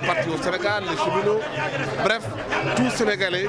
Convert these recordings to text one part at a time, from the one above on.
les parti au Sénégal, les cheminots, bref, tout Sénégalais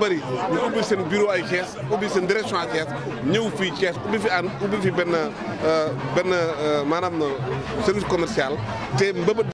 bëri ñu ubbi seen bureau ay Thiès ubbi seen direction à Thiès ñëw fii Thiès ubbi fi an ubbi fi benn euh, benn euh, maanaam euh, service commercial te mbëbët